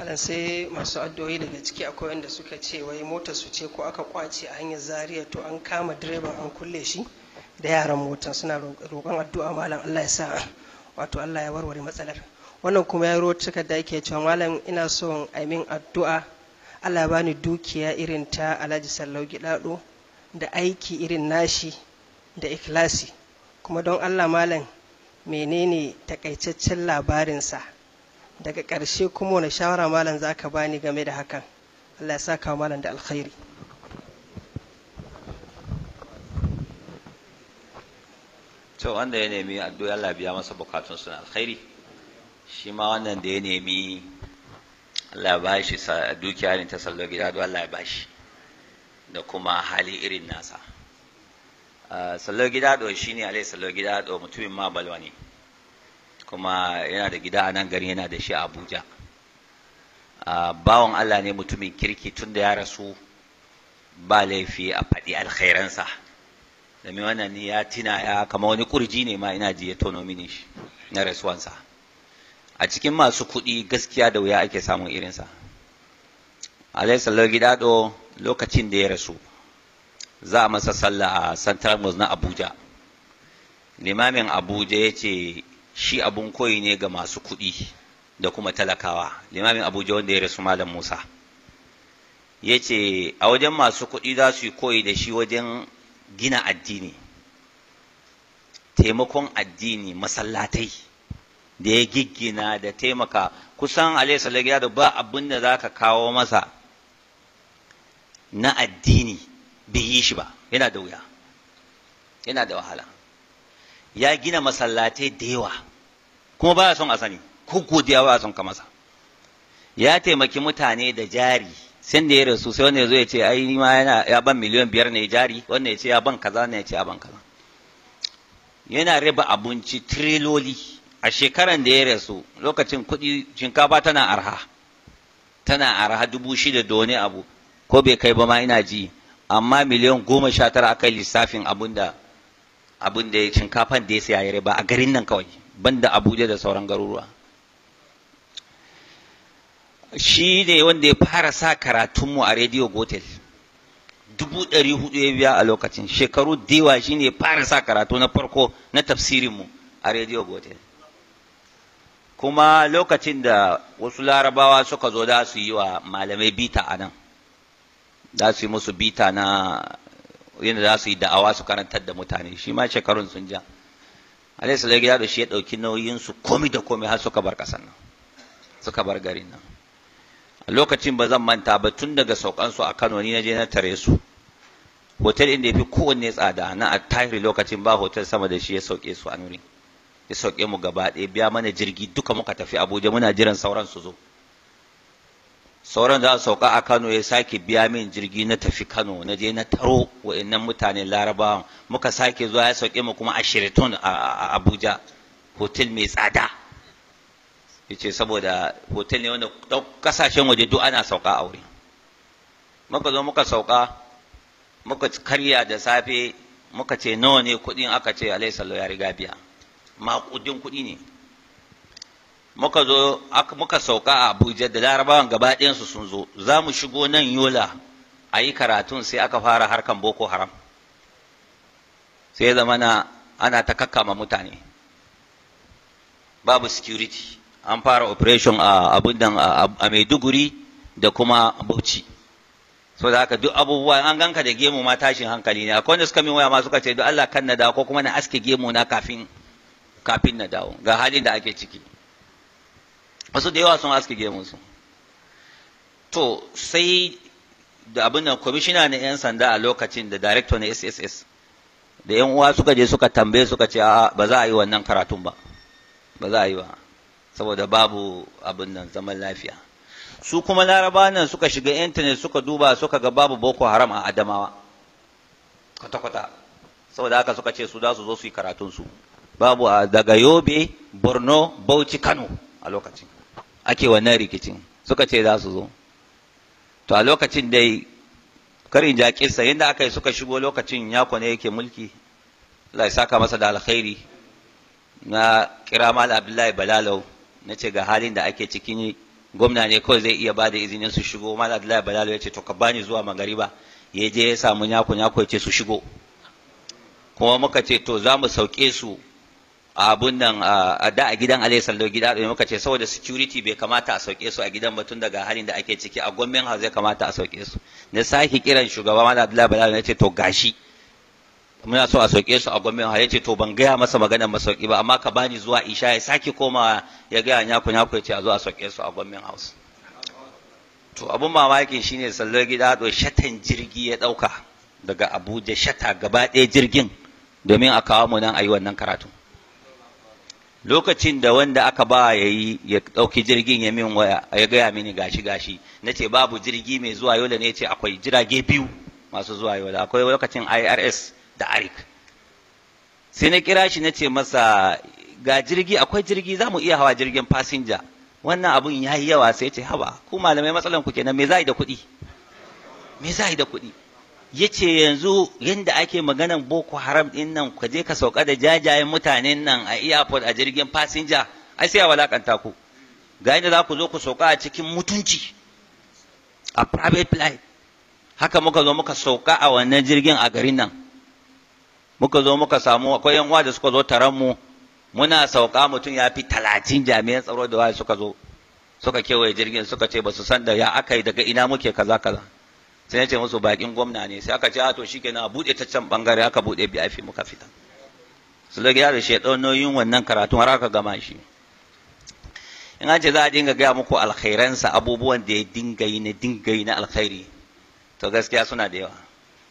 ana sai masu addu'o'i daga ciki akwai wanda suka ce wai motar su ce ko aka kwace a hanyar zariya to an kama direban an kulle shi da yaran mota suna roƙon addu'a malam allah ya sa wato allah ya warware matsalar wannan kuma ya ruwa cika da yake cewa malam ina son a min addu'a allah ya bani dukiya irin ta alhaji sallau gidado da aiki irin nashi da ikilasi kuma don allah malam menene takaitaccen labarinsa daga ƙarshe kuma wani shawara malam za ka bani game da hakan allah ya saka malam da alkhairi to wanda ya nemi addu'a Allah biya masa bukatun suna alkhairi shi ma wannan da ya nemi Allah ya bashi dukiya ne ta sallo gida da Allah ya bashi da kuma hali irin nasa ah, sallo gida do shine alai sallo gida do mutumin ma balwa ne kuma yana da gida a nan gari yana da shi a abuja bawan allah ne mutumin kirki tun da ya rasu ba laifi a faɗi alkhairansa domin wannan ni ya tina ya kama wani kurji ne ma ina ji ya tono mini shi na rasuwansa a cikin masu kuɗi gaskiya da wuya ake samun irinsa alai sallar gida ɗo lokacin da ya rasu za a masa sallah a central mosque na abuja limamin abuja ya ce shi abun koyi ne ga masu kuɗi da kuma talakawa limamin abuja wanda ya rasu malam musa ya ce a wajen masu kuɗi za su yi koyi da shi wajen gina addini taimakon addini masallatai da ya giggina da taimaka kusan alaihi ya da ba abin da za ka kawo masa na addini bai yi shi ba yana da wuya yana da wahala ya gina masallatai da yawa kuma ba son a sani ko godiya ba son ka masa ya taimaki mutane da jari sai da ya rasu sai wanda ya zo ya ce ai ma yana ya ban miliyan biyar ne jari wanda ya ce ya ban kaza ne ya ce ya ban kaza yana raba abinci triloli a shekaran da ya rasu lokacin kuɗi shinkafa tana arha tana arha dubu shida da wani abu ko bai kai ba ma ina ji amma miliyan goma sha tara aka lissafin abin da abin da shinkafan da ya saya ya riba a garin nan kawai banda abuja da sauran garuruwa shi ne wanda ya fara sa karatunmu a rediyo gotel dubu ɗari hudu ya biya a lokacin shekaru dewa shi ne fara sa karatu na farko na tafsirinmu a rediyo gotel kuma lokacin da wasu larabawa suka zo da su yi wa malamai bita a nan da su yi musu bita na yadda za su yi da'awa su karantar da mutane shi ma shekarun sun ja alaihi salatu gida shi ya ɗauki nauyin su komi da komi har suka bar kasan nan suka bar garin nan a lokacin ba zan manta ba tun daga saukan su a Kano ni na je na tare su hotel inda yafi kowanne tsada na a tayri lokacin ba hotel sama da shi ya sauke su a nuri ya sauke mu gaba ɗaya biya mana jirgi duka muka tafi Abuja muna jiran sauran su zo sauran za su sauka a Kano ya sake biya min jirgi na tafi Kano na je na taro wa'annan mutane Larabawan muka sake zuwa ya sauke mu kuma a shiriton a Abuja hotel mai tsada yace saboda hotel ne wanda kasashen waje duk ana sauka a wuri. muka zo muka sauka muka karya da safe muka ce nawa ne kuɗin aka ce alaihi ya riga biya maƙudin kuɗi ne muka zo muka sauka a Abuja da Larabawan gaba su sun zo za mu shigo nan Yola a yi karatun sai aka fara harkan Boko Haram sai zama na ana ta kakkama mutane babu security an fara operation a a Maiduguri da kuma Bauchi so da haka duk abubuwa an ganka da gemu ma tashin hankali ne akwai wanda suka min waya ma suka ce duk Allah kan na dawo ko kuma na aske gemu na kafin kafin na dawo ga halin da ake ciki wasu da yawa sun aske gemunsu to sai da abin nan kwamishina na 'yan sanda a lokacin da director na sss da 'yan uwa suka je suka tambaye suka ce ba za a yi wannan karatun ba ba za a yi ba saboda babu abin nan zaman lafiya su kuma laraba nan suka shiga intanet suka duba suka ga babu boko haram a adamawa kwata-kwata saboda haka suka ce su za su zo su yi karatunsu babu a daga yobe borno bauchi kano a lokacin ake wannan rikicin suka ce za su zo to a lokacin dai karin ja yadda aka yi suka shigo lokacin yako ne yake mulki Allah ya saka masa da alkhairi na kira mal abdullahi balalau na ce ga halin da ake cikin gwamna ne kawai zai iya bada izinin su shigo mal abdullahi balalau ya ce to ka bani zuwa magariba ya je ya samu yako yako ya ce su shigo kuma muka ce to za mu sauke su abun nan a da a gidan Alayhi Sallau gida da muka ce saboda security bai kamata a sauke su a gidan ba tun daga halin da ake ciki a gwamnatin house zai kamata a sauke su na sake kiran shugaba Malam Abdullahi Bala ya ce to gashi muna so a sauke su a gwamnatin house ya ce to ban gaya masa maganar sauki ba amma ka bani zuwa isha ya sake koma ya gaya nyaku nyaku ya ce a zo a sauke su a gwamnatin house to abun mamakin shine sallar gida ɗo shatan jirgi ya ɗauka daga Abuja shata gaba ɗaya jirgin domin a kawo mu nan a yi wannan karatun lokacin da wanda aka ba ya yi ya ɗauki jirgin ya min waya ya gaya mini gashi gashi na ce babu jirgi mai zuwa yola ne ce akwai jirage biyu masu zuwa yola akwai lokacin irs da arik sai na kira shi na ce masa ga jirgi akwai jirgi za mu iya hawa jirgin fasinja wannan abun ya yi yawa sai ce haba ku malamai matsalan ku kenan me za yi da kuɗi me za yi da kuɗi yace yanzu yanda ake maganan boko haram din nan ka je ka sauka da jajayen mutanen nan a airport a jirgin fasinja ai sai a walakanta ku ga inda za ku zo ku sauka a cikin mutunci a private flight haka muka zo muka sauka a wannan jirgin a garin nan muka zo muka samu akwai yan uwa suka zo taron mu muna sauka mutum ya fi talatin jami'an tsaro da waye suka zo suka kewaye jirgin suka ce ba su san da ya aka yi daga ina muke kaza kaza sai ya ce musu bakin gwamna ne sai aka ce a ah, to shikenan a bude ta can bangare aka bude biyafi muka fita su da gyara shi ɗau nauyin wannan karatun har aka gama shi in an ce za a dinga gaya muku alkhairansa abubuwan da ya dinga yi na dinga yi na alkhairi to gaskiya suna da yawa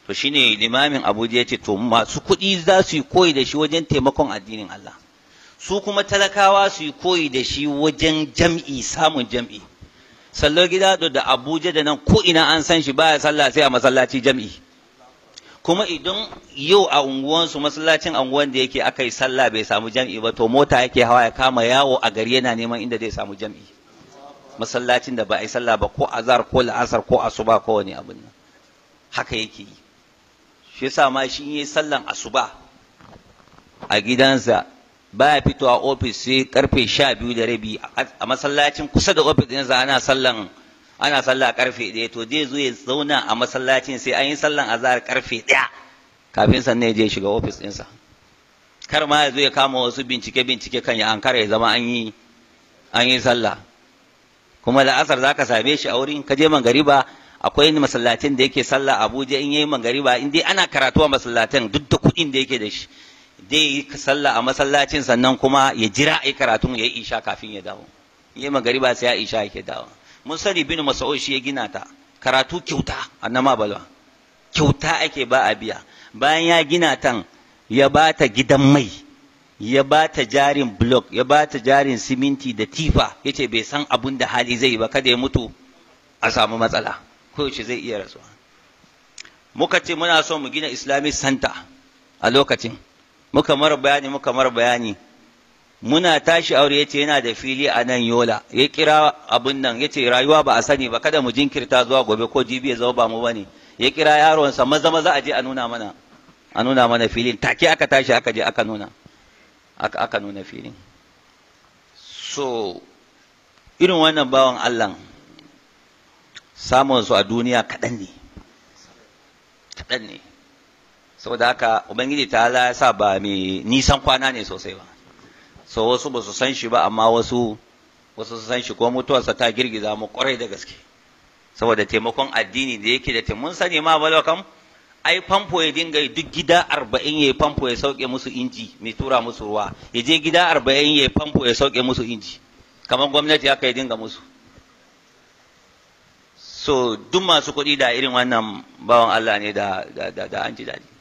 to shine limamin abuja ya ce to masu kuɗi za su yi koyi da shi wajen taimakon addinin allah su kuma talakawa su yi koyi da shi wajen jam'i samun jam'i Sallar gida da abuja da nan ko ina an san shi ba sallah sai a masallaci jam'i kuma idan yau a unguwansu masallacin unguwan da yake aka yi sallah bai samu jam'i ba to mota yake hawa ya kama yawo a gari yana neman inda zai samu jam'i masallacin da ba a yi sallah ba ko azar ko la'asar ko asuba ko wani abin nan haka yake yi shi yasa ma shi yi sallan asuba a gidansa baya fitowa ofis sai karfe sha biyu da rabi a masallacin kusa da ofis ɗinsa ana sallan ana sallah karfe ɗaya to zai zo ya zauna a masallacin sai an yi sallan azahar karfe ɗaya kafin sannan ya je shiga ofis ɗinsa kar ma ya zo ya kama wasu bincike bincike kan ya ankara ya zama an yi sallah kuma da asar zaka same shi a wurin ka je mangariba akwai masallacin da yake sallah Abuja in yayi mangariba in dai ana karatu a masallacin duk da kuɗin da yake da shi dai yi sallah a masallacin sannan kuma ya jira a yi karatun ya isha kafin ya dawo yi ba sai ya isha yake dawo mun sani bin mas'ud shi ya gina ta karatu kyauta a annama balwa kyauta ake ba a biya bayan ya gina tan ya ba ta gidan mai ya ba ta jarin blok ya ba ta jarin siminti da tifa yace bai san abin da hali zai ba kada ya mutu a samu matsala koyaushe zai iya rasuwa muka ce muna so mu gina islamic center a lokacin muka mara bayani muka mara bayani muna tashi aure yace yana da fili a nan yola ya kira abun nan yace rayuwa ba a sani ba kada mu jinkirta zuwa gobe ko jibi ya zama ba mu bane ya kira yaron sa maza maza a je a nuna mana a nuna mana filin take aka tashi aka je aka nuna aka aka nuna filin so irin wannan bawan Allah samun su a duniya kadan ne kaɗan ne saboda haka ubangiji ta ya sa ba mai nisan kwana ne sosai ba so wasu ba su san shi ba amma wasu wasu su san shi ko mutuwarsa ta girgiza mu kwarai da gaske saboda taimakon addini da yake da ta mun sani ma balwa kam ai famfo ya dinga duk gida arba'in ya yi famfo ya sauke musu inji mai tura musu ruwa ya je gida arba'in ya yi famfo ya sauke musu inji kamar gwamnati haka ya dinga musu so duk masu kuɗi da irin wannan bawan Allah ne da an ji daɗi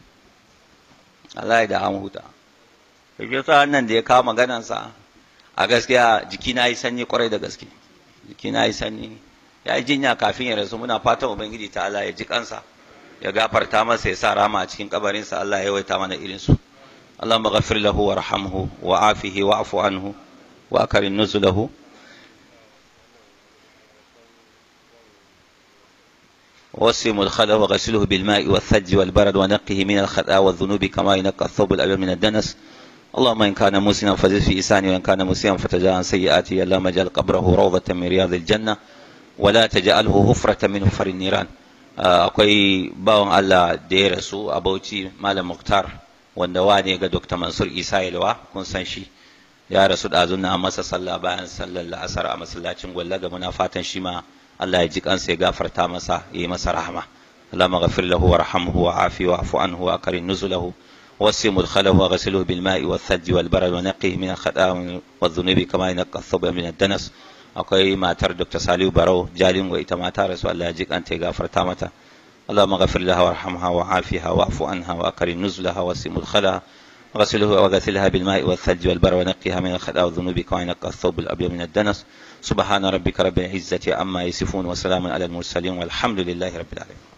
Allah da an huta kake sa nan da ya kawo maganansa a gaskiya jiki na yi sanyi kwarai da gaske jiki na yi sanyi ya yi jinya kafin ya rasu muna fatan ubangiji ta Allah ya ji kansa ya gafarta masa ya sa rama a cikin kabarinsa Allah ya yawaita mana irin su Allahumma ghafir lahu warhamhu wa afihi afu anhu wa akrim nuzulahu وسموا الخلا وغسله بالماء والثلج والبرد ونقه من الخطا والذنوب كما ينقى الثوب الابيض من الدنس اللهم ان كان مسلما فزد في اسانه وان كان مسلما فتجاهل عن سيئاته اللهم اجعل قبره روضه من رياض الجنه ولا تجعله هفره من هفر النيران akwai bawan Allah da ya rasu a Bauchi Malam Muktar wanda wane ga Dr. Mansur Isa Yalwa kun san shi ya rasu da azunna a masa sallah bayan sallar la'asar a masallacin gwalla ga muna fatan shi ma الله يجزيك أنسي غافر تامسا يمسا رحمة اللهم اغفر له وارحمه وعافي واعف عنه وأقرن نزله وسي مدخله وغسله بالماء والثلج والبرد ونقيه من الخطا والذنوب كما ينقى الثوب من الدنس أقوي ما تر دكتور سالي برو جالي ويتما تارس الله يجزيك أنت غافر تامتا اللهم اغفر لها وارحمها وعافيها واعف عنها وأقرن نزلها وسي مدخلها غسله وغسلها بالماء والثلج والبر ونقها من الخطا والذنوب كعنق الثوب الأبيض من الدنس سبحان ربك رب العزة عما يصفون وسلام على المرسلين والحمد لله رب العالمين